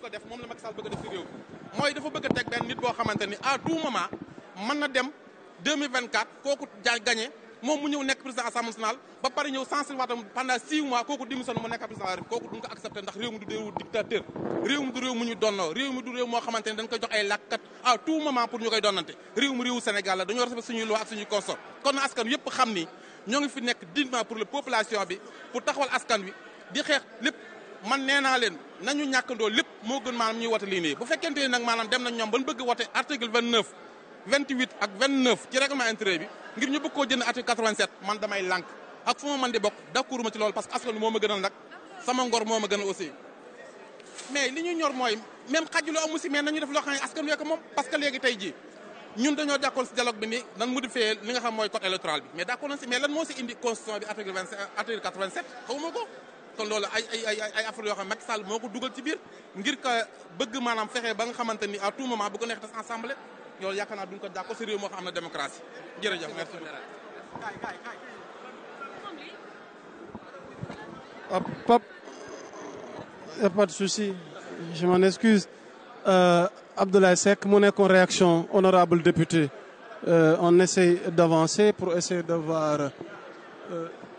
ko def moom la Macky Sall bëgg a def ci réew mooy dafa bëgg a teg benn nit boo xamante ni à tout moment na dem 2024 kooku ja moom mu ñëw nekk président assemblée nationale ba pare ñëw sensibiliser waatam pendant 6 mois kooku démissionné réew mi du réew mu ñu donnoo réew mi du réew moo xamante ni dañ jox ay làkkat à tout moment pour ñu koy donnante réew mi réewu Sénégal la dañoo respecté suñuy loi ak suñuy consort kon askan yépp xam ni ñoo ngi fi nekk dignement pour la nañu ñàkkandoo lépp moo gën maanaam ñuy wote lii nii bu fekkente nag maanaam dem nañ ñoom ban bëgg wote article 29 28 ak 29 ci règlement intérieur bi ngir ñu bëgg koo jënd article 87 man damay lànk ak fu ma mën di bokk d'accord ma ci loolu parce que askan moo ma gënal nag sama ngor moo ma gënal aussi mais li ñu moom parce léegi tey jii ñun dañoo d'accord si dialogue bi ni nan modifié li nga xam mooy code électoral bi mais kon loolu ay ay ay ay yoo xam ne Macky Sall moo ko dugal ci biir ngir ka bëgg maanaam fexe ba nga xamante ni à tout moment bu ko neex tas ensemble loolu yaakaar naa duñ ko d'accord si réew moo xam am na démocratie jërëjëf merci beaucoup. Ah, de souci je excuse euh, Abdoulaye Seck mu nekkoon réaction honorable député euh, on essaye d'avancer pour essayer d'avoir euh,